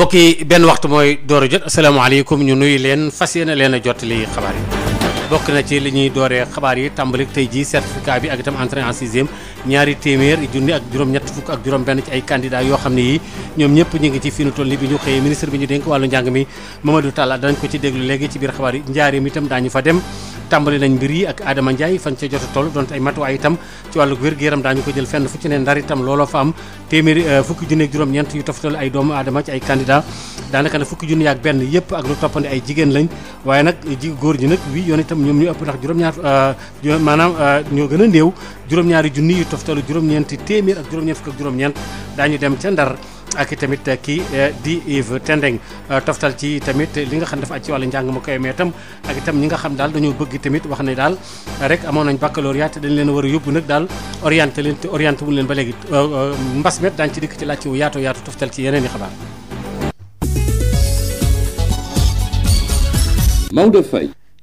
mbokk yi benn waxtu mooy door a jot asalaamaaleykum ñu nuyu leen fas yéene leen a jot li xabaar yi bokk na ci li ñuy dooree xabaar yi tàmbali tey jii certificat bi ak itam entrée en sixième ñaari téeméer junni ak juróom-ñett fukk ak juróom-benn ci ay candidats yoo xam ne yi ñoom ñëpp ñu ngi ci fi toll nii bi ñu xëyee ministre bi ñu dénk wàllu njàng mi Mamadou Talla danañ ko ci déglu léegi ci biir xabaar yi njaareem itam daañu fa dem tàmbali nañ mbir yi ak Adama Ndiaye fan ca jot a toll donte ay matuwaay itam ci wàllu wér-gu-yaram daañu ko jël fenn fu ci ne ndar itam looloo fa am téeméeri euh, fukki junne ak juróom-ñeent yu toftal ay doomu aadama ci ay candidat daanaka nag fukki junne yaak benn yëpp ak lu ay jigéen lañ waaye ji góor ñi nag wi yoon itam ñoom ñu ëpp ndax juróom-ñaar euh, maanaam euh, ñoo gën a néew juróom-ñaari junni yu toftalu juróom-ñeenti téeméer ak juróom-ñeent fukk ak juróom-ñeent daañu dem ca ndar ak tamit kii eh, di Yves Tendeng eh, toftal ci tamit li nga xam dafa aj ci wàllu njàng mu koy mee itam ak itam ñi nga xam daal dañoo bëgg tamit wax ne daal rek amoon nañ baccalauréat dañ leen war a yóbbu nag daal orienté leen te orienté wuñ leen ba léegi eh, mbas met daañu ci dikk ci laajte wu yaatoo yaatu toftal ci yeneen i xabaar. Maodo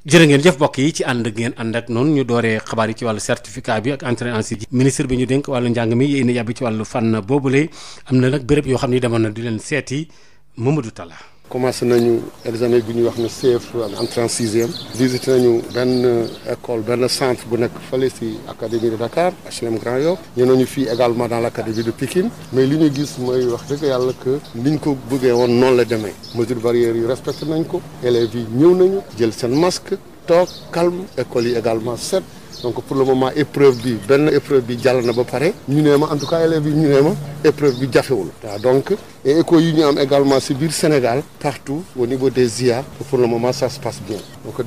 jërë ngeen jëf mbokk yi ci ànd ngeen ànd ak noonu ñu dooree xabaar yi ci wàllu certificat bi ak entrée en sixième ministre bi ñu dénk wàllu njàng mi yéen a yàbbi ci wàllu boobu boobule am na nag béréb yoo xam ni demoon na di leen seeti Mamadou Talla commencé nañu examen bi ñuy wax ne CF entrée en sixième visité nañu benn école benn centre bu nekk fële si académie de Dakar HLM Grand Yoff ñu nañu fii également dans l' académie de Pikine mais li ñu gis mooy wax dëgg yàlla que ñu ko bëggee woon noonu la demee mesures barrières yu respecté nañ ko élèves yi ñëw nañu jël seen masque toog calme école yi également set donc pour le moment épreuve bi benn épreuve bi jàll na ba pare ñu nee ma en tout cas élèves yi ñu nee ma épreuve bi jafewul waaw donc et yi ñu am également si biir Sénégal partout au niveau des IA pour le moment ça se passe bien donc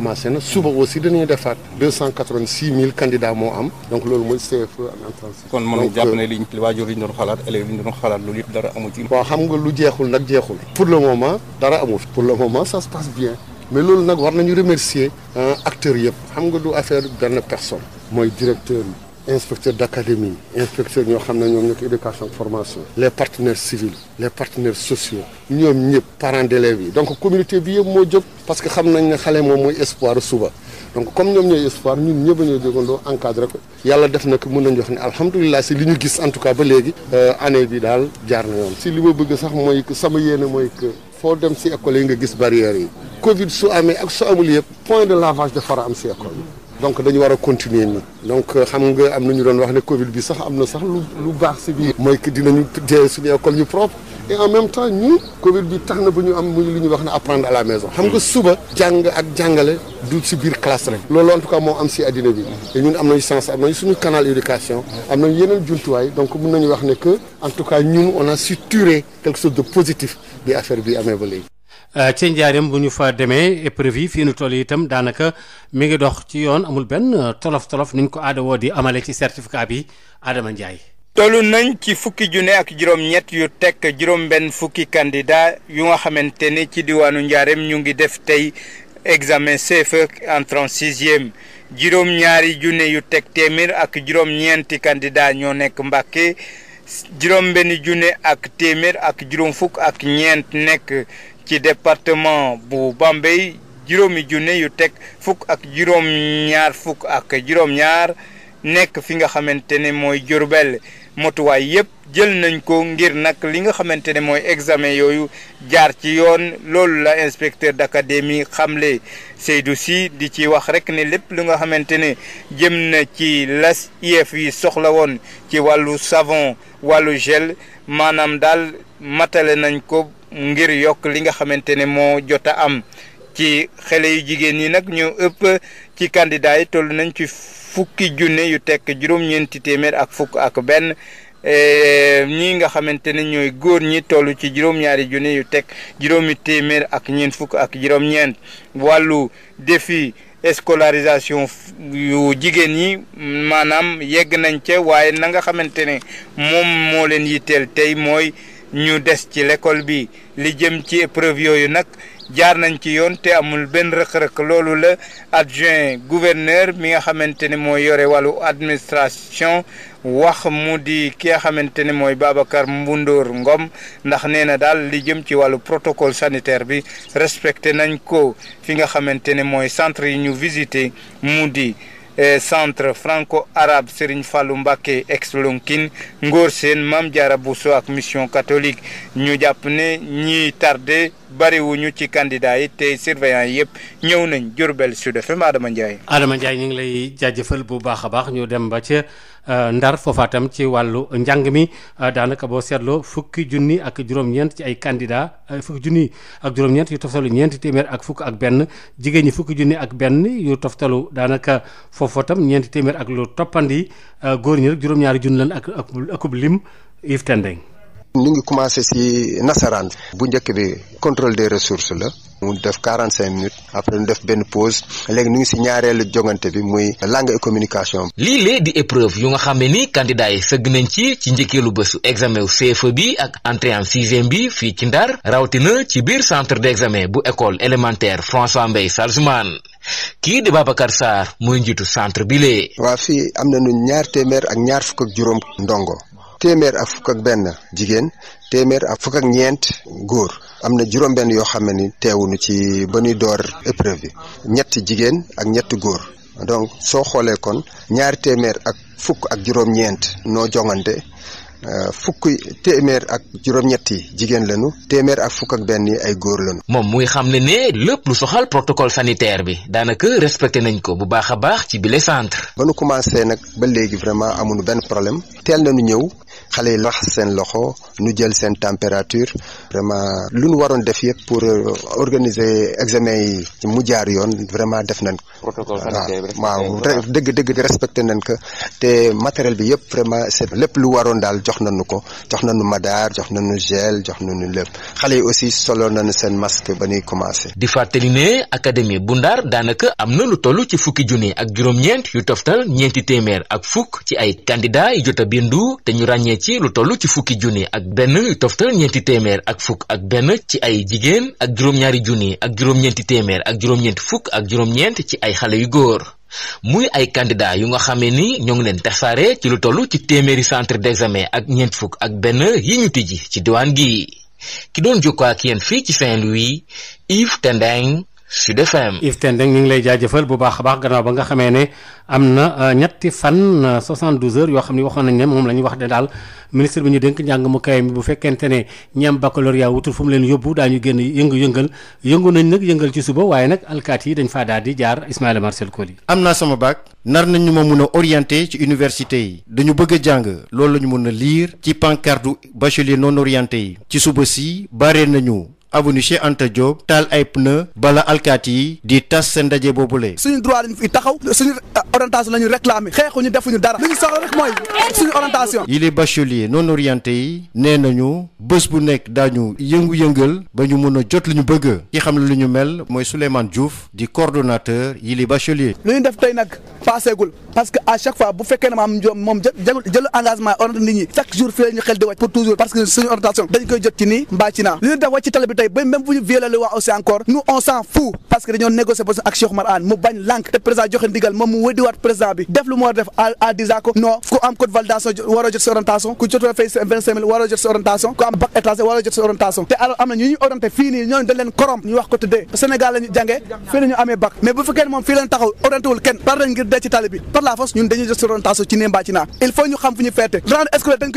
na suba aussi dañuy defaat deux cent quatre-vingt-six mille candidats moo am donc loolu mooy CFE en entrance kon mën jàpp ne euh, liñ waajur yi ñu doon xalaat élèves yi ñu doon xalaat loolu yëpp dara amu ci waaw xam nga lu jeexul nag le moment dara amul pour le moment ça mais loolu nag war nañu remercier euh, acteurs yëpp xam nga du affaire benn personne mooy directeur yi inspecteur d'académie inspecteur ñoo xam ne ñoom ñoo ko éducation formation les partenaires civils les partenaires sociaux ñoom ñëpp parents d'élèves yi donc communauté bi yëpp moo jóg parce que xam nañ ne xale moom mooy espoir suba donc comme ñoom ñooy espoir ñun ñëpp ñoo jógandoo encadré yàlla def na ko mën nañu wax ne alhamdulilah si li ñu gis en tout cas ba léegi euh, année bi daal jaar na yoon si li ma bëgg sax mooy sama yéene mooy que foo dem si école yi nga gis barrières yi covid su amee ak su amul yëpp point de lavage de fara am si école donc dañu war a continuer nii donc xam nga am na ñu doon wax ne covid bi sax am na sax lu lu baax si biir mooy que dinañu dee suñu école ñu propre et en même temps ñu Covid bi tax na ba ñu am muy lu ñu wax na apprendre à la maison xam nga suba jàng ak jàngale du si biir classe rek loolu en tout cas moo am si àddina bi te ñun am nañu sens am suñu canal am nañu yeneen jumtuwaay donc mun nañu wax ne que en tout cas ñun on a su tirer quelque chose de positif bi amee ba léegi euh, ci njaareem bu ñu fa demee épreuve yi fii nu toll itam daanaka mi ngi dox ci yoon amul benn tolof tolof niñ ko aada woo di amalee ci certificat bi Adama Ndiaye tollu nañ ci fukki junne ak juróom-ñett yu tekk juróom-benn fukki candidat yu nga xamante ne ci diwaanu njaareem ñu ngi def tey examen CFEE entrant sixième juróom-ñaari junne yu teg téeméer ak juróom-ñeenti candidat ñoo nekk Mbàkke juróom-benn junne ak téeméer ak juróom ak ñeent nekk ci département bu Bambey juróomi junne yu teg fukk ak juróom-ñaar fukk ak juróom-ñaar nekk fi nga xamante ne mooy Jurbel motuwaay yëpp jël nañ ko ngir nag li nga xamante ne mooy examen yooyu jaar ci yoon loolu la inspecteur d'académie xamle Seydou si di ci wax rek ne lépp lu nga xamante ne jëm na ci las IEF yi soxla woon ci wàllu savon wàllu gel maanaam daal matale nañ ko ngir yokk li nga xamante ne moo jot a am ci xale yu jigéen ñi nag ñu ëpp ci candidat yi toll nañ ci fukki junne yu tekk juróom-ñeenti téeméer ak fukk ak benn e, ñi nga xamante ne ñooy góor ñi toll ci juróom-ñaari junne yu tekk juróomi téeméer ak ñeent fukk ak juróom-ñeent wàllu défi scolarisation yu jigéen ñi maanaam yegg nañ ca waaye nanga nga xamante ne moom moo leen yitteel tey mooy ñu des ci l'école bi li jëm ci épreuve yooyu nag jaar nañ ci yoon te amul benn rëq-rëq loolu la adjoint gouverneur mi nga xamante ne mooy yore wàllu administration wax mu di ki nga xamante ne mooy Babacar Mbundoor Ngom ndax nee na daal li jëm ci wàllu protocole sanitaire bi respecté nañ ko fi nga xamante ne mooy centre yi ñu visité mu di E, centre franco arabe Serigne Fallou Mbacké ex Lonkin Ngor Sène Mame Diarra Bousso ak mission catholique ñu jàpp ne ñiy tardé bariwuñu ci candidat yi te surveillant yëpp ñëw nañ Diourbel Sud FM Adama Ndiaye. Adama Ndiaye ñu ngi lay jaajëfal bu baax a baax ñu dem ba ca Euh, ndar foofa tam ci wàllu njàng mi euh, daanaka boo seetloo fukki junni ak juróom-ñeent ci ay candidat euh, fukki junni ak juróom-ñeent yu toftalu ñeenti téeméer ak fukk ak benn jigéen ñi fukki junni ak benn yu toftalu daanaka foofa tam ñeenti téeméer ak lu toppandi góor ñi rek juróom-ñaari junni lan ak akub lim Yves Tendeng ñu ngi commencé ci nasaraan bu njëkk bi contrôle de ressources la mu def quarante cinq minutes après ñu def benn pose léegi ñu ngi ci ñaareelu jongante bi muy langue et communication. lii lee di épreuve yu nga xam ne ni candidat yi sëgg nañ ci ci njëkkeelu bésu examen wu CFEE bi ak entrée en bi fii ci Ndar rawatina ci biir centre d'examen bu école élémentaire François Mbaye Salzman. kii di Babacar Sarr mooy njiitu centre bi lee. waa fii am nañu ñaar téeméer ak ñaar fukk ak juróom ndongo téeméer ak fukk ak benn jigéen téeméer ak fukk ak ñeent góor am na juróom-benn yoo xam ne ni teewuñu ci ba nuy door épreuve bi ñetti jigéen ak ñetti góor donc soo xoolee kon ñaari téeméer ak fukk ak juróom-ñeent noo joŋante euh, fukk téeméer ak juróom ñetti jigéen lanu téeméer ak fukk ak benn ay góor lañu. moom muy xam ne ne lépp lu soxal protocole sanitaire bi daanaka respecté nañ ko bu baax a baax ci bile centre. ba nu commencé nag ba léegi vraiment amuñu benn problème teel nañu ñëw xale yi wax seen loxo ñu jël seen température vraiment lu ñu waroon def yëpp pour euh, organiser examen yi mu jaar yoon vraiment def nañ ko. protocole sanitaire bi waaw dëgg dëgg respecté nañ ko te matériel bi yëpp vraiment c'est lépp lu waroon daal jox nañu ko jox nañu madaar jox nañu gel jox nañu lépp xale yi aussi solo nañu seen masque ba ñuy commencé. di fàttali ne académie bu Ndar daanaka am na lu toll ci fukki junni ak juróom-ñeent yu toftal ñeenti téeméer ak fukk ci ay candidat yu jot ci lu toll ci fukki junni ak benn toftal ñeenti téeméer ak fukk ak benn ci ay jigéen ak juróom-ñaari junni ak juróom-ñeenti téeméer ak juróom-ñeenti fukk ak juróom-ñeent ci ay xale yu góor muy ay candidat yu nga xamee ni ñoo ngi leen tasaare ci lu toll ci téeméeri centre d'examen ak ñeent fukk ak benn yi ñu tijji ci diwaan gi ki doon jokkoo ak fii ci Saint-Louis Yves Tendeng Sud FM. Yves ñu ngi lay jaajëfal bu baax a baax gannaaw ba nga xamee ne am na euh, ñetti fan 72 euh, heures yoo xam ne waxoon nañ ne moom la ñu wax de daal ministre ñu dénk njàng mu kawe mi fekkente ne ñi am baccalauréat wutul fu leen yóbbu daañu génn yëngu-yëngal yëngu nañ nag yëngal ci suba waaye nag alkaati yi dañ faa daal di jaar Ismaïla Marcel Koli. am naa sama bac nar nañu ma mun a orienté ci université yi dañu bëgg jàng loolu la ñu mun a lire ci pancarte bachelier non orienté yi ci suba si bare nañu. avenue Cheikh Anta Diop taal ay pneu bala alkaati yi di tas seen ndaje boobule. suñu droit lañ fi taxaw suñu orientation la ñu réclamer xeexuñu defuñu dara li ñu soxla rek mooy suñu orientation. yi les bacheliers non orientés yi nee nañu bés bu nekk daañu yëngu-yëngal ba ñu mun a jot li ñu bëgg ki xam lu ñu mel mooy Souleymane Diouf di coordonnateur yi les lu ñu def tey nag paaseegul parce que à chaque fois bu fekkee ne maam moom jëlu engagement di wàcc pour toujours parce que suñu orientation dañ koy tey ba ñu violé waa aussi encore nous on s'en parce que dañoo négocier ba ak Cheikh Oumar Anne mu bañ lànk te président joxe ndigal moom mu wëdiwaat président bi def lu mu war def à disa ko non ku am code validation waroo jot orientation ku am bac étranger waroo jot orientation te alors am na ñu ñu orienté fii nii ñooñu korom ñu wax ko tuddee Sénégal la ñu ñu amee bac mais bu fekkee moom fii lañ taxaw orienté wul kenn par la force ñu xam ñu feete grande école dañ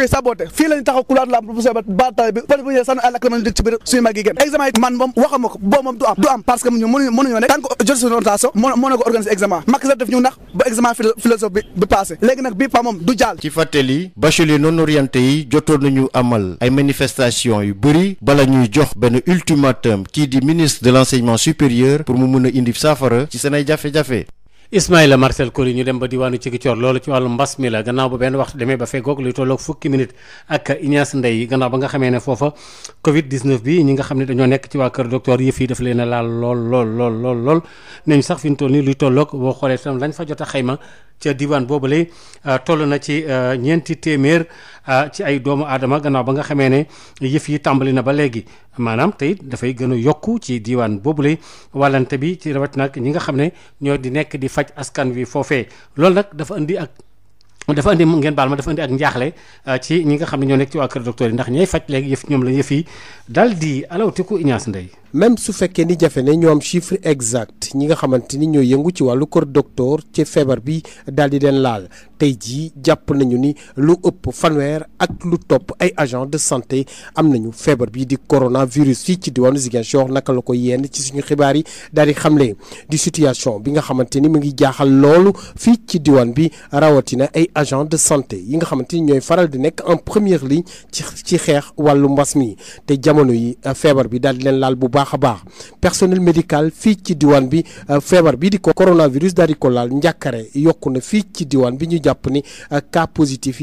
kenn examen yi man moom waxuma ko boo moom du am du am parce que ñu mënuñu mënuñoo ne tant que jot suñu orientation moo moo ne ko organiser examen Macky Sall def ñu ndax ba examen philosophe bi bi passé léegi nag bii pa moom du jàll ci fàttali bachelier non orienté yi jotoon nañu amal ay manifestation yu bëri bala ñuy jox benn ultimatum kii di ministre de l'enseignement supérieur pour mu mën a indi saafara ci seen ay jafe-jafe Ismaïla Marcel Coly ñu dem ba diwaanu Ziguinchor loolu ci wàllu mbas mi la gannaaw ba benn waxtu demee ba feggoog luy tolloog fukki minute ak Ignace Ndeye gannaaw ba nga xamee ne foofa Covid 19 bi ñi nga xam ne dañoo nekk ci waa kër docteur yëf yi leen a laal lool lool lool lool lool nañ sax fi ñu toll nii luy tolloog boo xoolee tam lañ fa jot a xayma ca diwaan boobu boobule euh, toll na ci euh, ñeenti téeméer euh, ci ay doomu aadama gannaaw ba nga xamee ne yëf yi tàmbali na ba léegi maanaam tey dafay gën a yokk ci diwaan boobu boobule wàllante bi ci rawat nag ñi nga xam ne ñoo di nekk di faj askan wi foofee loolu nag dafa indi ak dafa indi ngeen baal ma dafa indi ak njaaxle ci ñi nga xam ne ñoo nekk ci waa kër docteur yi ndax ñay faj léegi yëf ñoom la yëf yi dal di alawtiku Ignace Ndeye même su fekkee ni jafe ne ñoo am chiffre exact ñi nga xamante ni ñoo yëngu ci wàllu kër doctor ci feebar bi daal di leen laal tey jii jàpp nañu ni lu ëpp fanweer ak lu topp ay agent de santé am nañu feebar bi di coronavirus fii ci diwaanu Ziguinchor naka la ko yenn ci suñu xibaar yi daal di xamle di situation bi nga xamante ni mu ngi jaaxal loolu fii ci diwaan bi rawatina ay agent de santé yi nga xamante ni ñooy faral di nekk en première ligne ci ci xeex wàllu mbas mi te jamono yi feebar bi daal di leen laal bu baax baax a baax personnel médical fii ci diwaan bi euh, feebar bii di coronavirus bi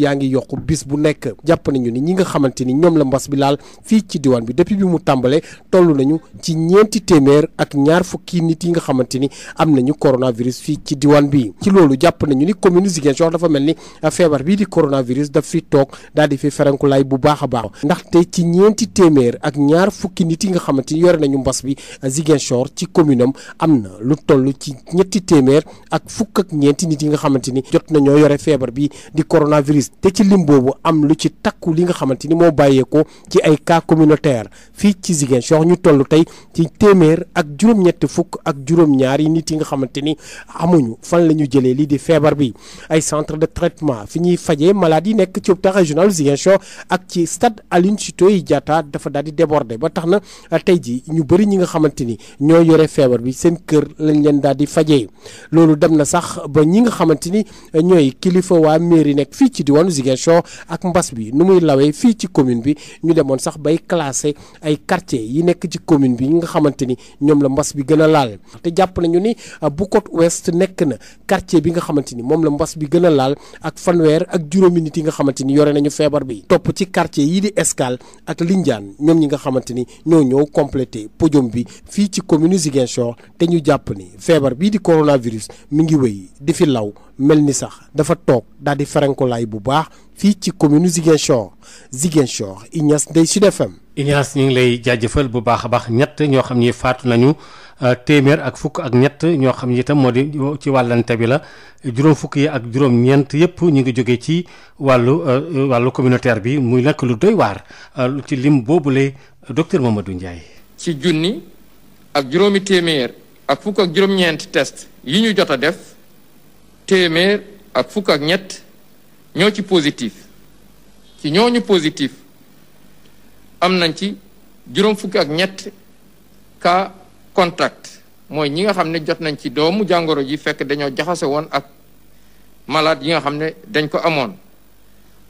euh, bu nekk jàpp nañu ni ñi nga xamante bi laal fii ci diwaan bi depuis bi mu tàmbalee yi nga xamante ni am nañu coronavirus fii ci diwaan dafa euh, di coronavirus daf fi toog daal di fi ferenkulaay bu baax a baax ndaxte ci ñeenti téeméer ak ñaar fukki nit yi nga xamante yore nañu nañu mbas bi Ziguinchor ci commune am na lu toll ci ñetti téeméer ak fukk ak ñeenti nit yi nga xamante ni jot nañoo yore feebar bi di coronavirus te ci lim boobu am lu ci takku li nga xamante ni moo bàyyeeko ci ay cas communautaire fii ci Ziguinchor ñu toll tey ci téeméer ak juróom-ñetti fukk ak juróom-ñaar nit yi nga xamante ni amuñu fan la ñu jëlee lii di feebar bi ay centre de traitement fi ñuy fajee malade nekk ci hôpital régional Ziguinchor ak ci stade Aline Sitoé Diatta dafa daal ñu bëri ñi nga xamante ni ñoo yore feebar bi seen kër lañ leen daal di fajee loolu dem na sax ba ñi nga xamante ni ñooy kilifa waa mairie nekk fii ci di diwaanu Ziguinchor ak mbas bi nu muy lawee fii ci commune bi ñu demoon sax bay classé ay quartier yi nekk ci commune bi ñi nga xamante ni ñoom la mbas bi gën a laal te jàpp nañu ni bu côte ouest nekk na quartier bi nga xamante ni moom la mbas bi gën a laal ak fanweer ak juróomi nit yi nga xamante ni yore nañu feebar bi topp ci quartier yi di Escale ak Lindiane ñoom ñi nga xamante ni ñoo ñëw complété podium bi fii ci commune Ziguinchor te ñu jàpp ni feebar bii di coronavirus mi ngi wéy di fi law mel ni sax dafa toog daal di ferenkulaay bu baax fii ci commune Ziguinchor Ziguinchor Ignace Ndeye Sud FM. Ignace ñu ngi lay jaajëfal bu baax a baax ñett ñoo xam ni faatu nañu. Euh, téeméer ak fukk ak ñett ñoo xam ni itam moo di ci wàllante bi la juróom fukk yi ak juróom ñeent yëpp ñu ngi jóge ci wàllu euh, wàllu communautaire bi muy nag lu doy waar euh, ci lim boobule docteur Mamadou Ndiaye. ci junni ak juróomi téeméer ak fukk ak juróom-ñeenti test yi ñu jot a def téeméer ak fukk ak ñett ñoo ci positif ci ñooñu positif am nañ ci juróom fukk ak ñett cas contact mooy ñi nga xam ne jot nañ ci doomu jàngoro ji fekk dañoo jaxase woon ak malade yi nga xam ne dañ ko amoon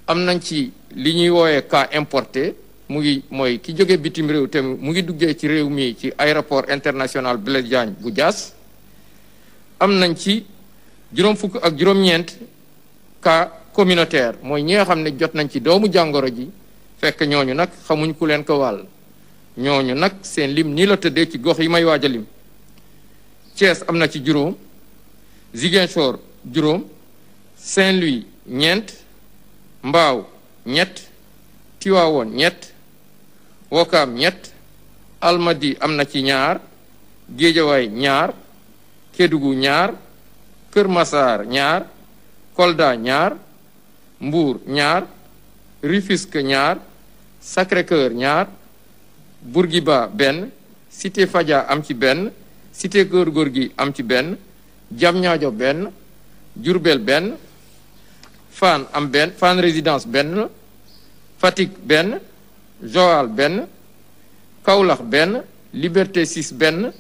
am nañ ci li ñuy wooyee cas importé mu ngi mooy ki jóge bitim réew te mu ngi duggee ci réew mii ci aéroport international Blaise Diagne bu jaas am nañ ci juróom fukk ak juróom-ñeent cas communautaire mooy ñi nga xam ne jot nañ ci doomu jàngoro ji fekk ñooñu nag xamuñ ku leen ko wàll ñooñu nag seen lim nii la tëddee ci gox yi may waaj a lim Thiès am na ci juróom Ziguinchor juróom Saint-Louis ñeent Mbaaw ñett Tiwaawoon ñett Wakaam ñett Almadi am na ci ñaar Géejawaay ñaar Kédougou ñaar Kër Masaar ñaar Kolda ñaar Mbuur ñaar Rufisque ñaar Sacré-Cœur ñaar Bourguiba benn Cité Fadia am ci benn Cité Keur Gorgui am ci benn Diamniadio benn Diourbel benn Fann am benn Fann Résidence benn Fatick benn Joal benn kawlax benn Liberté 6 benn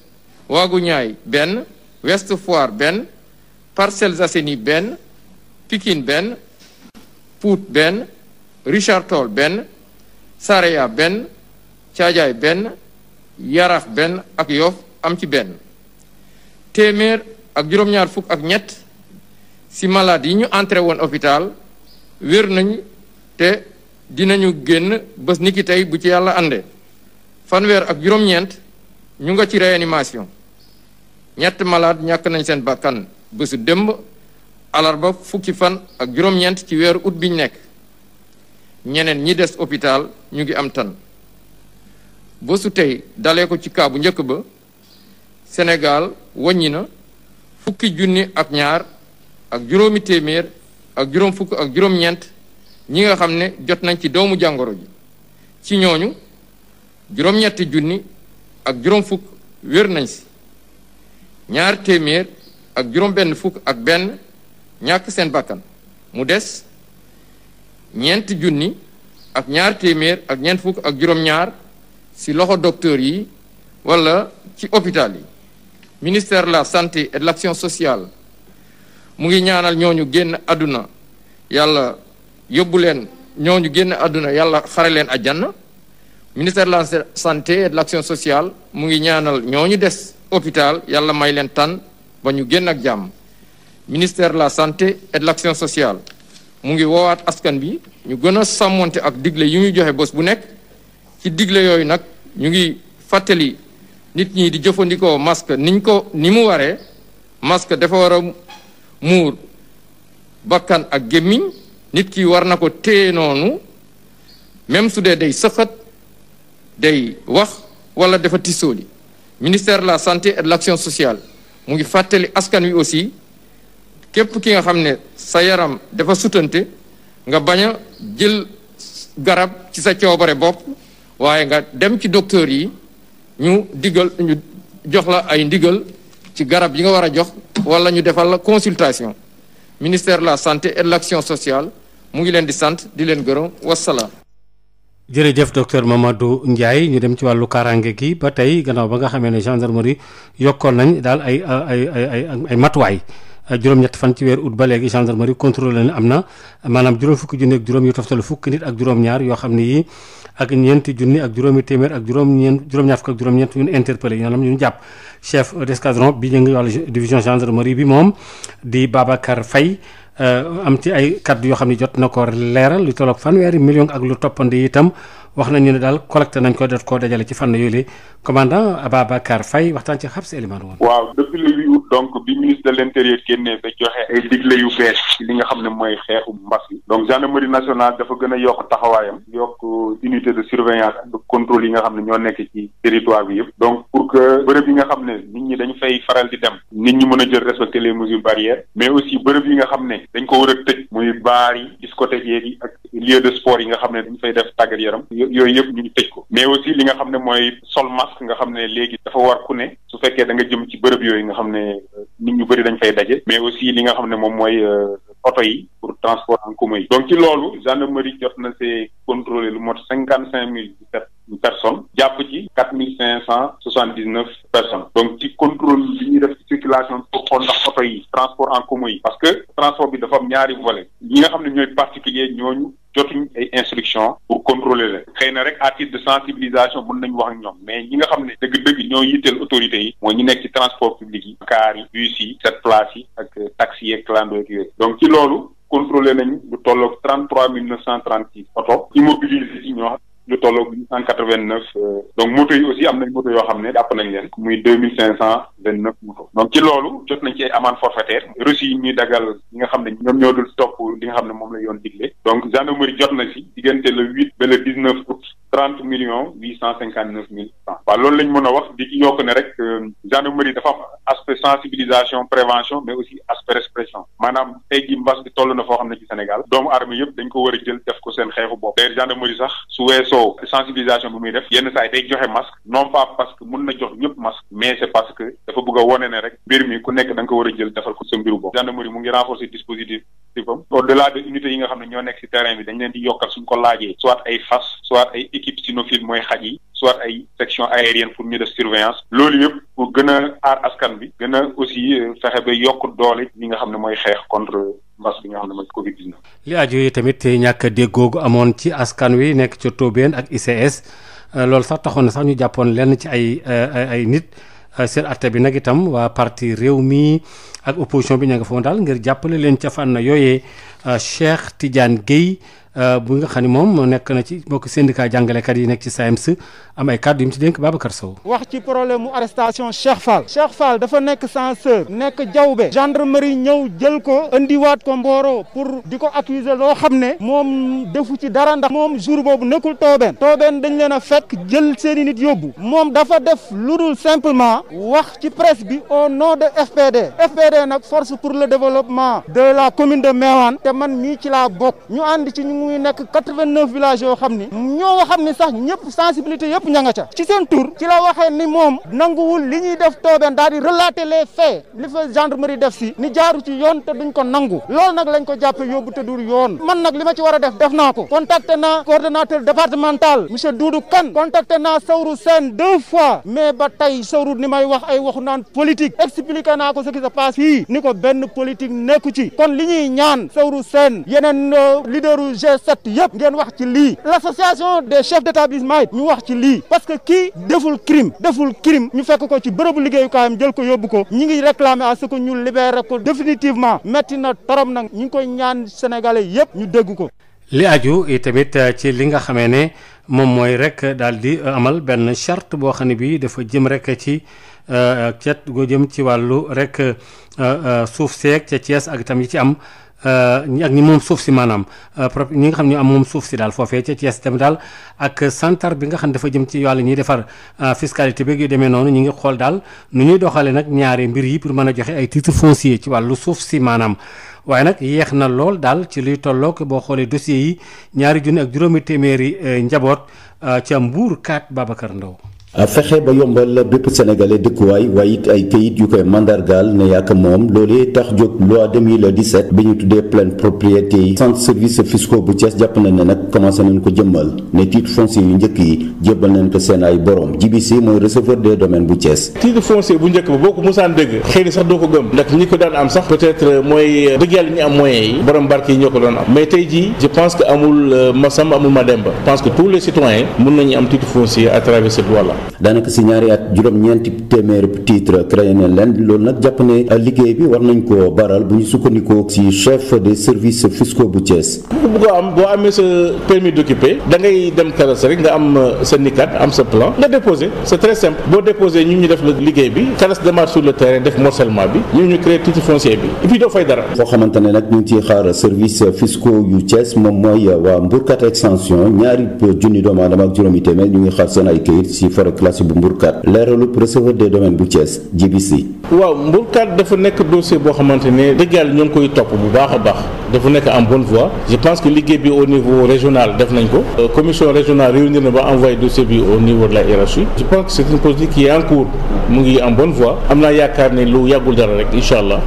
Waaguñaay benn Ouest Foire benn Parcelles Assainies benn Pikine benn Pout benn Richard Toll benn Saraya benn Caajaay benn Yarax benn ak Yoff am ci benn téeméer ak juróom-ñaar fukk ak ñett ci malade yi ñu entré woon hôpital wér nañu dinañu génn bés niki tey bu ci yàlla àndee fanweer ak juróom-ñeent ñu nga ci réanimation ñett malade ñàkk nañ seen bakkan bésu démb alarba fukki fan ak juróom-ñeent ci weeru ut biñ nekk ñeneen ñi des hôpital ñu ngi am tan bésu tey dalee ko ci kaa njëkk ba senegal wàññi na fukki junni ak ñaar ak juróomi téeméer ak juróom fukk ak juróom-ñeent ñi nga xam ne jot nañ ci doomu jàngoro ji ci ñooñu juróom-ñetti junni ak juróom fukk wér nañ si ñaar téeméer ak juróom benn fukk ak benn ñàkk seen bakkan mu des ñeent junni ak ñaar téeméer ak ñeent juróom-ñaar si loxo docteur yi wala ci hôpital yi ministère la santé et de l'action sociale mu ngi ñaanal ñooñu génn àdduna yàlla yóbbu leen ñooñu génn àdduna yàlla xare leen àjjana ministère la santé et l'action sociale mu ngi ñaanal ñoo ñooñu des hôpital yàlla may leen tànn ba ñu génn ak jàmm ministère de la santé et de l'action sociale mu ngi woowaat askan bi ñu gën a sàmmonte ak digle yu ñuy joxe bos bu nekk ci digle yooyu nag ñu ngi fàttali nit ñi di jëfandikoo masque niñ ko ni mu waree masque dafa war a muur bakkan ak gémmiñ nit ki war na ko téye noonu même su dee day sëqat day wax wala dafa tisóoli ministère la santé et l'action sociale mu ngi fàttali askan wi aussi képp ki nga xam ne sa yaram dafa sutante nga bañ a jël garab ci sa coobare bopp waaye nga dem ci docteur yi ñu digal ñu jox la ay ndigal ci garab yi nga war a jox wala ñu defal la consultation ministère la santé et l'action sociale mu ngi leen di sant di leen gërëm wasalaam. jërëjëf docteur Mamadou Ndiaye ñu dem ci wàllu kaaraange gi ba tey gannaaw ba nga xamee ne gendarmerie yokkoon nañ daal ay ay ay ay ay matuwaay. juróom-ñett fan ci weer août ba léegi gendarmerie contrôlé na am na maanaam juróom fukki junni ak juróom yu toftalu fukki nit ak juróom-ñaar yoo xam ne yi ak ñeenti junni ak juróomi téeméer ak juróom-ñeent juróom-ñaar fukk ak juróom-ñeent yu ñu interpellé yi maanaam ñu ñu jàpp chef d'escadron bi ñu ngi wàllu division gendarmerie bi moom di Babacar Faye euh, am ci ay kàddu yoo xam ne jot na ko leeral lu fan weeri million ak lu toppandi itam wax nañu ne daal collecté nañ ko def koo dajale ci fànn yooyu commandant Ababacar Faye waxtaan ci xab si élément woon. waaw depuis donc bi ministre de l' intérieur génnee ba joxe ay digle yu bees ci li nga xam ne mooy xeexu mbas mi donc gendarmerie nationale dafa gën a yokk taxawaayam yokk unité de surveillance ak contrôle yi nga xam ne ñoo nekk ci territoire bi yëpp donc pour que bërëb yi nga xam ne nit ñi dañu fay faral di dem nit ñi mën a jël respecter les mesures barrières mais aussi bërëb yi nga xam ne dañ ko war a tëj muy baar yi discothèques yi ak lieu de sport yi nga xam ne dañ fay def tàggat yaram yooyu yëpp ñu tëj ko mais aussi li nga xam ne mooy sol masque nga xam ne léegi dafa ku ne su fekkee da nga jëm ci bërëb yooyu nga xam ne nit ñu bëri dañ fay daje mais aussi li nga xam ne moom mooy euh, oto yi pour transport en commun yi donc ci loolu gendarmerie jot na see contrôler lu mot cinquante cinq mille dix-sept personnes jàpp ci quatre mille cinq cent soixante dix neuf personnes donc ci contrôle bi ñuy def circulation pour xool ndax oto yi transport en commun yi parce que transport bi dafa am ñaari volet ñi nga xam ne ñooy particulier ñooñu jotuñ ay instruction pour contrôler leen xëy na rek à titre de sensibilisation mën nañu wax ak ñoom mais ñi nga xam ne dëgg-dëgg ñoo yitteel autorités yi mooy ñi nekk ci transport public yi car yi bus yi sept places yi ak euh, taxi yeeg clando yooyu donc ci loolu contrôler nañ lu tolloog trente trois mille neuf cent trente six oto immobilisé ci ñoo lu tolloog huit cent quatre vingt neuf euh, donc moto yi aussi am nañ moto yoo xam ne dàpp nañ leen muy deux mille cinq cent vingt neuf moto donc ci loolu jot nañ ci ay amende forfaitaire ñuy dagal ñi nga xam ne ñoom ñoo dul topp li nga xam ne moom la yoon digle donc gendarmerie jot na si diggante le huit ba le dix neuf août trente millions huit cent cinquante neuf mille francs waaw loolu lañ mën a wax di ci yokk ne rek euh, gendarmerie dafa am aspect sensibilisation prévention mais aussi aspect répression maanaam tey jii mbas bi na foo xam ne ci Sénégal doom armée yëpp dañ ko war a jël def ko seen xeexu bopp d'ailleurs gendarmerie sax su weesoo sensibilisation bi muy def yenn saa yi day joxe masque non pas parce que mun na jox ñëpp masque mais c'est parce que dafa bëgg a wone ne rek mbir mi ku nekk da nga a jël defal ko sa mbiru bopp gendarmerie mu dispositif am au delà de unité yi nga xam ne ñoo nekk si terrain bi dañ leen di yokkal suñ ko laajee soit ay mooy xaj yi ñu def surveillance loolu yëpp pour gën a aar askan bi gën a aussi euh, fexe ba yokk doole li nga xam ne mooy xeex contre mbas bi nga xam ne mooy Covid 19. li aju a déggoo ci askan wi nekk ca Tobène ak ICS euh, loolu sax taxoon na sax ñu jàppoon lenn ci ay euh, ay nit. seen atte bi nag itam waa parti réew mi ak opposition bi ña nga fa daal ngir jàppale leen ca fànn yooye Cheikh Tidiane Guèye Euh, bu nga xam ne moom nekk na ci bokk syndicat jàngalekat yi nekk ci SAEMS am ay kàddu yu mu ci dénk Babacar Sow wax ci problème mu arrestation Cheikh Fall Cheikh Fall dafa nekk censeur nekk jawbe gendarmerie ñëw jël ko indiwaat ko Mboro pour di ko accuser loo xam ne moom defu ci dara ndax moom jour boobu nekkul toobeen toobeen dañ leen a fekk jël seeni nit yóbbu moom dafa def lu dul simplement wax ci presse bi o nom de FPD FPD nag force pour le de la commune de Mewane te man mii ci muy nekk quatre-vingt-neuf ni ñoo xam ni sax ñëpp sensibilité yëpp ña ca ci seen tur ci la waxee ni moom nanguwul li ñuy def toobeen daal di relater les faits li fa gendarmerie def si ni jaaru ci yoon te duñ ko nangu loolu nag lañ ko jàppe yóbbu te dul yoon man nag li ma ci war a def def naa ko contacté naa coordonnateur départemental monsieur Doudou Kane contacté naa Sawru Sène deux fois mais ba tey Sawru ni may wax ay waxu naan politique expliqué naa ko ce qui se passe G7 yëpp ngeen wax ci lii l' association des chefs d' établissement ñu wax ci lii parce que kii deful crime deful crime ñu fekk ko ci bërëbu liggéeyukaayam jël ko yóbbu ko ñi ngi réclamer à ce que ñu libéré ko définitivement métti na torom nag ñu ngi koy ñaan sénégalais yëpp ñu dégg ko. li aju tamit euh, ci li nga xamee ne moom mooy rek daal di euh, amal benn charte boo xam ne bii dafa jëm rek ci euh, cet goo jëm ci wàllu rek suuf seeg ca Thiès ak itam yi ci am. Euh, ak ñi moom suuf si maanaam euh, propre ñi nga xam ne am moom suuf si daal foofee ca Thiès tamit daal ak santar bi nga xam dafa jëm ci wàll ñuy defar euh, fiscalité bi yu demee noonu ñu ngi xool daal nu ñuy doxalee nag ñaari mbir yi pour mën a joxe ay titre foncier ci wàllu suuf si maanaam waaye nag yeex na lool daal ci luy tollook boo xoolee dossiers yi ñaari junni ak juróomi téeméeri njaboot ca Mbour 4 Babacar Ndaw Euh, fexe ba yombal bépp sénégalais dëkkuwaay waaye it ay kayit yu koy mandargaal ne yàkk moom loolee tax jóg loi 2017 ñu tuddee pleine propriété yi centre service fiscaux bu Thiès jàpp na ne nag commencé nañ ko jëmmal ne titre foncier yu njëkk yi jébbal nañ ko seen ay borom JBC mooy receveur des domaines bu Thiès. titre foncier bu njëkk ba boo ko musaan dëgg xëy na sax doo ko gëm ndax ñi ko daan am sax peut-être euh, mooy euh, dëgg yàlla am moyens yi borom barke yi ñoo ko doon am mais tey jii je pense que amul ma samba amul ma demba que tous les citoyens mën nañu am titre foncier à travers daanaka si ñaari at juróom-ñeenti téeméeri titre créé nañ leen loolu nag jàpp ne liggéey bi war nañ ko baral bu ñu sukkandikoo si chef des services fiscaux bu Thiès. boo amee sa permis da ngay dem terrasse euh, ñu def liggéey bi terrasse bi ñun ñu créé titre foncier bi et puis doo fay dara. xaar service fiscaux yu Thiès moom mooy waa Mbourkat extension ñaari junni doomu aadama ak juróomi téeméer ñu ngi xaar seen ay kayit si forêt Daara classe bu Mbourkat leeralub receveur des domaines bu Thiès jibi si waaw Mbourkat dafa nekk dossier boo xamante ne dëggal ñoo ngi koy topp bu baax a baax dafa nekk en bonne voie je pense que liggéey bi au niveau régional def nañ ko euh, commission régionale réunir na ba envoyé dossier bi au niveau de la RSU je pense que c'est une politique qui est en cours mu ngi en bonne voie am naa yaakaar ne lu yàggul dara rek incha allah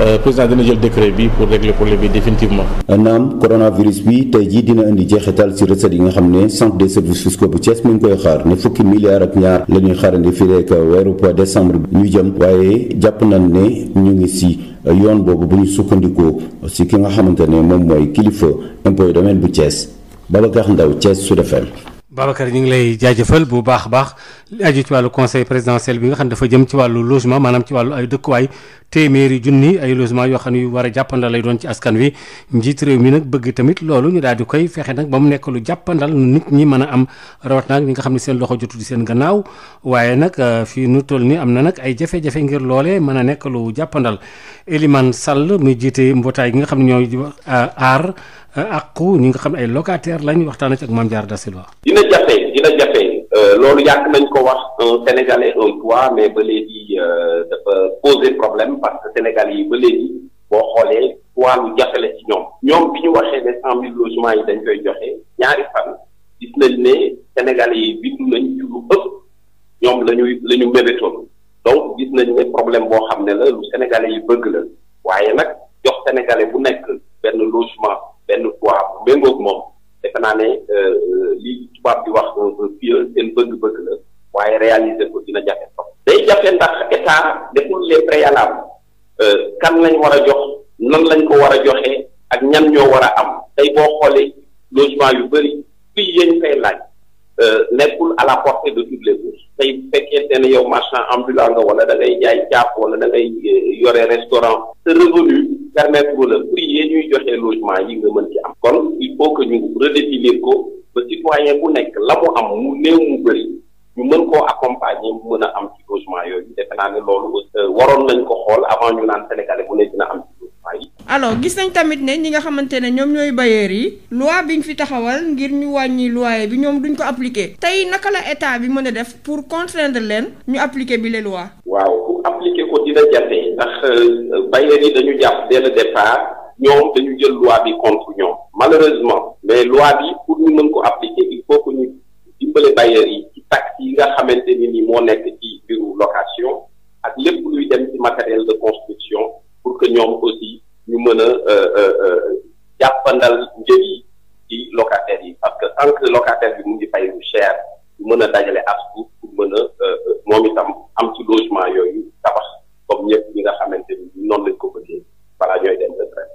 Euh, président dina jël décret bi pour régler problème bi définitivement. naam coronavirus bi tey jii dina indi jeexital ci recettes yi nga xam ne centre des services fiscaux bu Thiès mu ngi koy xaar ne fukki milliards ak ñaar la ñuy xaarandi fii rek weeru décembre ñu jëm waaye jàpp nañ ne ñu ngi si euh, yoon boobu bu ñu sukkandikoo si ki nga xamante ne moom mooy kilifa impôt domaine bu Thiès Babacar Ndaw Thiès su FM Babacar ñu ngi lay jaajëfal bu baax a baax li aju ci wàllu conseil présidentiel bi nga xam ne dafa jëm ci wàllu logement maanaam ci wàllu ay dëkkuwaay téeméeri junni ay logement yoo xam ne yu war a lay doon ci wi njiit réew mi nag bëgg tamit loolu ñu daal di koy fexe nag ba mu nekk jàppandal nit ñi mën a am rawat nag ñi nga xam ne seen loxo jotu di seen gannaaw waaye nag euh, fii nu toll ni am na nag ay jafe-jafe ngir loole mën a nekk lu jàppandal Elimane Sall muy jiite mbootaay gi nga xam ne ñooy euh, aar àqu ñi nga xam ay locataire lañ waxtaan ci ak Mame Diarra Da Silva. dina jafe dina jafe euh, loolu yàgg nañ ko wax un sénégalais un mais ba léegi euh, dafa poser problème parce que Sénégal yi ba léegi boo xoolee waa lu jafe la ci ñoom. ñoom bi ñu waxee ne cent mille logements yi dañ koy joxee ñaari fan gis nañ ne sénégalais yi bindu nañ lu ëpp ñoom la ñuy la ñu mébétoon donc gis nañ ne problème boo xam ne la lu sénégalais yi bëgg la waaye nag. jox sénégalais bu nekk benn logement benn toit bu méngoog moom defe naa ne euh, li tubaab bi wax euh, euh, fii seen bëgg-bëgg la waaye réaliser ko dina jafe trop. day jafe ndax état deful les préalables kan lañ war a jox nan lañ ko war a joxe ak ñan ñoo war a am tey boo xoolee logement yu bëri prix yañ fay laaj. Euh, nekkul à la portée de toutes les bourses tey bu fekkee ne yow marchand ambulant nga wala da ngay jaay jàpp wala da ngay euh, yore restaurant te revenu permettre la prix yi ñuy joxe logement yi nga mën ci am kon il faut que ñu redéfinir ko ba citoyen bu nekk la mu am mu néew mu ñu mën koo accompagner mu mën a am ci logement yooyu defe naa ne loolu euh, waroon nañ ko xool avant ñu naan sénégalais bu ne dina am alors gis nañ tamit ne ñi nga xamante ne ñoom ñooy bailleurs yi loi bi ñu fi taxawal ngir ñu wàññi loyer bi ñoom duñ ko appliquer tey naka la état bi mën a def pour contraindre leen ñu appliquer bi les lois. waaw pour appliquer ko dina jafe ndax euh, bailleurs yi dañu jàpp dès le départ ñoom dañu jël loi bi contre ñoom malheureusement mais loi bi pour ñu mën ko appliquer il faut que ñu dimbale bailleurs yi ci taxes nga xamante ni ni moo nekk ci biiru location ak lépp luy dem matériel de construction pour que ñoom ñu mën a euh, euh, euh, jàppandal njëg yi ci locataires yi parce que tant que locataire bi mu ngi fay lu cher ñu mën a dajale asku pour mën a moom itam am ci logement yooyu tabax comme ñëpp ñi nga xamante ni noonu lañ ko bëggee balaa ñooy dem retraite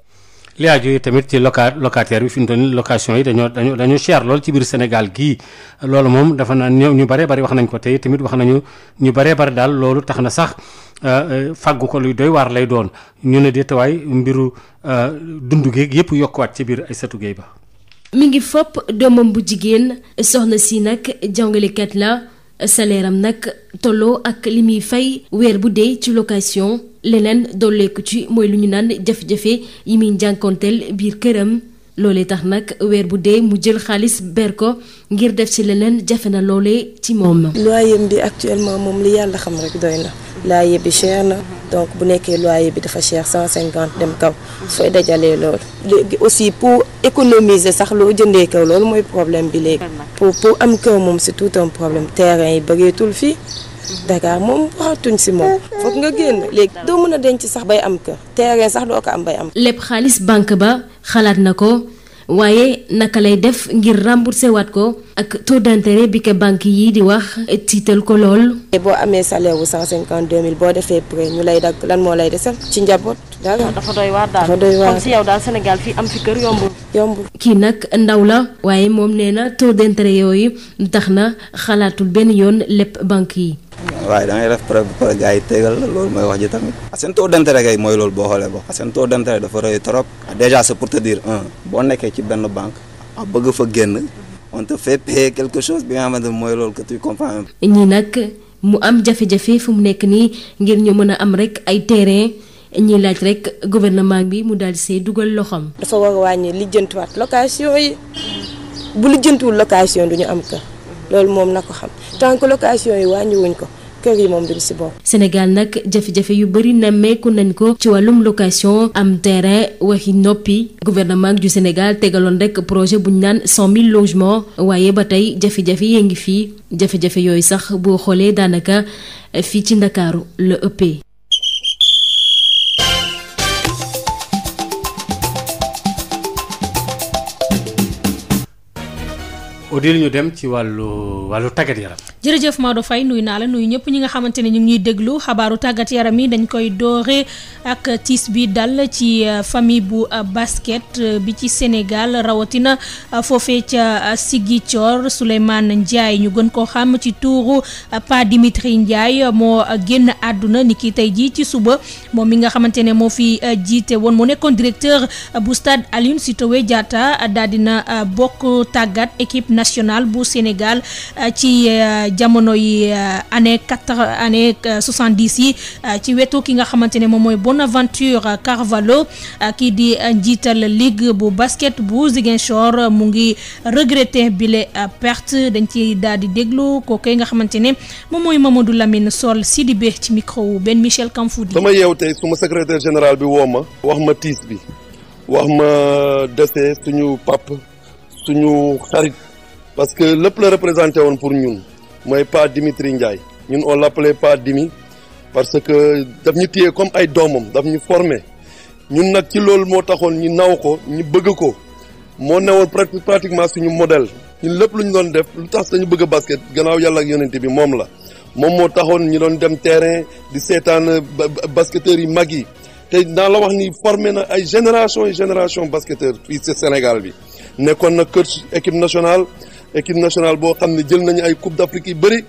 li yi tamit ci loca locataire bi fi mu toll nii location yi dañoo dañoo dañoo cher lool ci biir Sénégal gii loolu moom dafa naan ñu ñu bëree bëri wax nañ ko tey tamit wax nañu ñu bëree bëri daal loolu tax na sax Euh, euh, faggu ko luy doy war lay doon ñu ne deetawaay mbiru euh, dundu géeg yëpp waat ci biir Aysatu Géey ba mi ngi fopp doomam bu jigéen soxna si nag jàngalekat la salaire am nag tolloo ak li muy fay weer bu dee ci location leneen dolleeku ci mooy lu ñu naan jafe-jafe yi muy njànkonteel biir këram loolee tax nag weer bu dee mu jël xaalis beer ko ngir def ci leneen jafe na loolee ci moom. loyer bi actuellement moom li yàlla xam rek doy na. loyer bi cher na. donc bu nekkee loyer bi dafa cher cent cinquante dem kaw. sooy dajalee loolu. léegi aussi pour économiser sax loo jëndee kaw loolu mooy problème bi léegi. pour pour am kaw moom c'est tout un problème terrain yi bëggeetul fii. Dakar moom waxatuñ si moom foog nga génn léegi doo mën a denc sax bay am kër terrain sax doo ko am bay am. lépp xaalis banque ba xalaat na ko waaye naka lay def ngir remboursé waat ko ak taux d'intérêt bi ko banque yii di wax tiital ko lool. boo amee salaire wu cent cinquante deux mille boo defee prêt ñu lay dagg lan moo lay desal ci njaboot. dara dafa doy waar daal dafa doy waar si yow daal Sénégal fii am fi kër yombul. yombul kii nag ndaw la waaye moom nee na taux d'intérêt yooyu tax na xalaatul benn yoon lépp banque yi. waaye da ngay def preuve ba yi tegal la loolu mooy wax ji tamit seen taux d'intérêt kay mooy loolu boo xoolee ba seen taux d'intérêt dafa rëy trop ah déjà c'est pour te dire boo nekkee ci benn banque a ah bëgg fa génn on te fait payer quelque chose bi nga xamante ne mooy loolu que tu comprends ñi nag mu am jafe-jafe fu mu nekk nii ngir ñu mën a am rek ay terrain ñiy laaj rek gouvernement bi mu daal di see dugal loxoom. dafa war a wàññi lijjantiwaat location yi bu lijjantiwul location du ñu am loolu moom na tant que location yi wàññiwuñ ko kër yi moom duñ si bokk. Sénégal nag jafe-jafe yu bëri nemmeeku nañ ko ci wàllum location am terrain waxi noppi gouvernement ju Sénégal tegaloon rek projet bu ñu naan cent waaye ba tey jafe-jafe yee ngi fii jafe-jafe yooyu sax boo xoolee daanaka fii ci Ndakaaru la ëppee. Odile ñu dem ci wàllu wàllu tàggat yaram. jërëjëf Maodo fay nuyu naa la nuyu ñëpp ñi nga xamante ne ñu ngi ñuy déglu xabaaru tàggat yaram yi dañ koy doore ak tiis bi dal ci euh, famille bu euh, basket euh, bi ci Sénégal rawatina foofee ca Ziguinchor Souleymane Ndiaye ñu gën koo xam ci tuuru Pa Dimitri Ndiaye moo génn àdduna ni ki tey jii ci suba moom mi nga xamante ne moo fi jiite woon moo nekkoon directeur bu stade Aline Sitoé Diatta daal dina bokk tàggat équipe nationale bu Sénégal ci. jamono yi euh, année quatre année euh, soixante dix yi euh, ci wetu ki nga xamante ne moom mooy Bonaventure Carvalho kii di njiital lig bu basket bu Ziguinchor mu ngi regretter bile perte dañ ci daal di déglu kooku nga xamante ne moom mooy Mamadou Lamine Sol Sidibé ci micro benn Michel Kamfoudi. sama yeew tey suma secrétaire général bi woo ma. wax ma tiis bi. wax ma dese suñu pap suñu xarit. parce que lépp la représenté woon pour ñun. mooy Pa Dimitri Ndiaye ñun on l'appelait Pa Dimi parce que daf ñu téye comme ay doomam daf ñu formé ñun nag ci loolu moo taxoon ñu naw ko ñu bëgg ko moo newoon pratiquement suñu modèle ñun lépp lu ñu doon def lu tax dañu bëgg a basket gannaaw yàlla ak yonent bi moom la moom moo taxoon ñu doon dem terrain di seetaan basketteurs yi mag yi te naa la wax ni formé na ay génération et génération basketteurs fii ci Sénégal bi nekkoon na kër équipe nationale équipe nationale boo xam ne jël nañu ay coupe d'Afrique yu bëri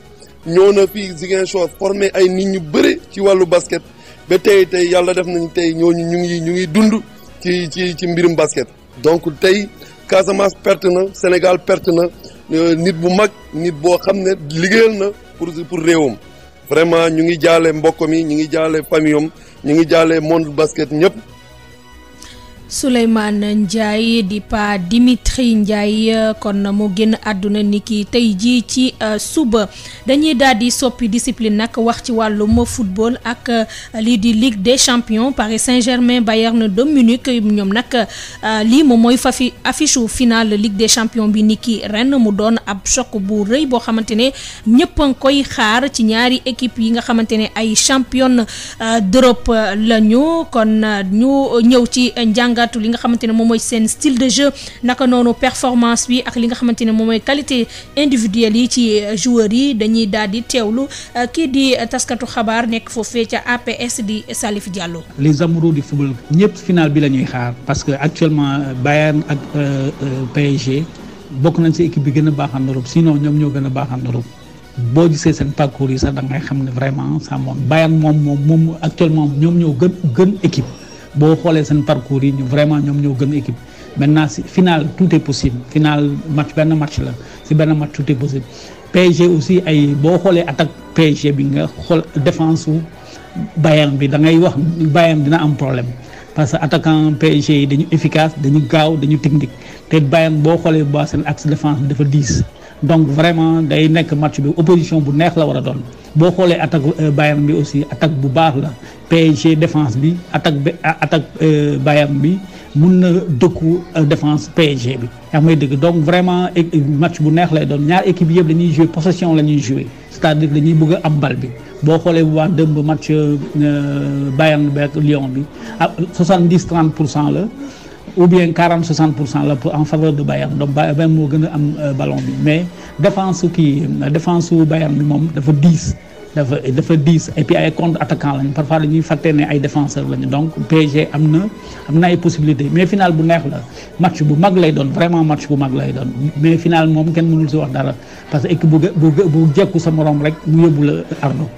ñoo na fii Ziguinchor formé ay nit ñu bëri ci wàllu basket ba tey tey yàlla def nañu tey ñooñu ñu ngi ñu ngi dund ci ci ci mbirum basket. donc tey Casamance perte na Sénégal perte na euh, nit bu mag nit boo xam ne liggéeyal na pour pour réewam vraiment ñu ngi jaale mbokk mi ñu ngi jaale famille am ñu ngi jaale monde basket ñëpp. Souleymane Ndiaye di pa Dimitri Ndiaye kon mu génn àdduna ni ki tey jii ci euh, suba dañuy daal di soppi discipline nag wax ci wàllum football ak euh, lii di Ligue des champions Paris Saint-Germain Bayern de Munich ñoom nag euh, lii moom mooy fafi affiche finale Ligue de champions bi ni ki ren mu doon ab choc bu rëy boo xamante ne ñëpp ngi koy xaar ci ñaari équipe yi nga xamante ne ay championne drop la ñu kon ñu ñëw ci njàng. jàngatu li nga xamante ne moom mooy seen style de jeu naka noonu performance bi ak li xamante ne moom mooy qualité yi ci euh, joueurs yi dañuy daal di teewlu euh, kii di euh, taskatu xabaar nekk foofee ca APS di les amoureux du football ñëpp final bi la ñuy xaar parce que actuellement Bayern ak PSG bokk nañ ci équipe bi gën a baax en Europe sinon ñoom ñoo gën a baax en Europe. boo gisee seen parcours yi sax da ngay xam ne vraiment ça moom Bayern moom moom moom actuellement ñoom ñoo gën gën équipe. boo xoolee seen parcours yi ñu vraiment ñoom ñoo gën équipe maintenant si final tout est possible final match benn match la si benn match tout est possible PSG aussi ay boo xoolee attaque PSG bi nga xool défense wu Bayern bi da ngay wax Bayern dina am problème parce que attaquant PSG yi dañu efficace dañu gaaw dañu technique te Bayern boo xoolee bu baax seen axe défense bi dafa diis. donc vraiment day nekk match bi opposition bu neex la war a doon boo xoolee attaque euh, Bayern bi aussi attaque bu baax la PSG défense bi attaque euh, attaque euh, Bayern bi mun na dëkku defence PSG bi yaa may dëgg donc vraiment e, e, match bu neex lay doon ñaar équipe yëpp dañuy jouer possession la ñuy jouer c'est-à-dire dañuy bëgg a am bal bi boo xoolee bu baax dëmb match Bayern bi ak Lyon bi ah 70 30 pour cent la ou bien 40 60 pour cent la pour en faveur de Bayern donc Bayern moo gën am euh, ballon bi mais défense kii euh, défense su Bayern bi moom dafa diis dafa dafa diis et puis ay contre attaquant lañu parfois dañuy fàtte ne ay défenseur lañu donc PSG am na am na ay possibilités mais final bu neex la match bu mag lay doon vraiment match bu mag lay doon mais final moom kenn mënul si wax dara parce que équipe bu bu bu jekku sa moroom rek mu yóbbu la Arnaud.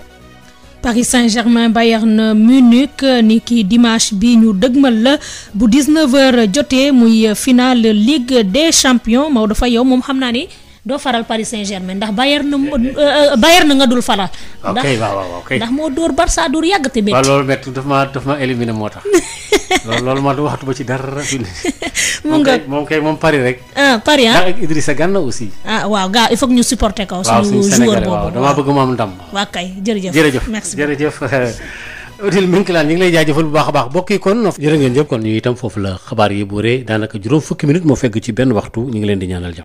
Paris Saint-Germain Bayern Munich ni ki dimanche bi ñu dëgmal la bu 19h jotee muy finale Ligue de champions Maodo Faye yow moom xam naa ni. doo faral Paris Saint-Germain ndax Bayern na euh, Bayern na nga dul faral. ndax ndax moo door Barça dóor yàgg te métti. waaw loolu métti daf maa daf maa éliminé moo tax loolu loolu ma waxtu ba ci dara. mu moom kay moom Paris rek. ah Paris ah ak Idrissa Gana aussi. ah waaw gaa il faut que ñu supporter ko. suñu joueur boobu waaw damaa bëgg mu ndam. waaw kay jërëjëf jërëjëf merci jërëjëf. Odile Minkilaan ñu ngi lay jaajëfal bu baax a baax mbokk kon jërë ngeen jëf kon ñu itam foofu la xabaar yi buuree daanaka juróom fukki minute moo fegg ci benn waxtu ñu ngi leen di ñaanal jàmm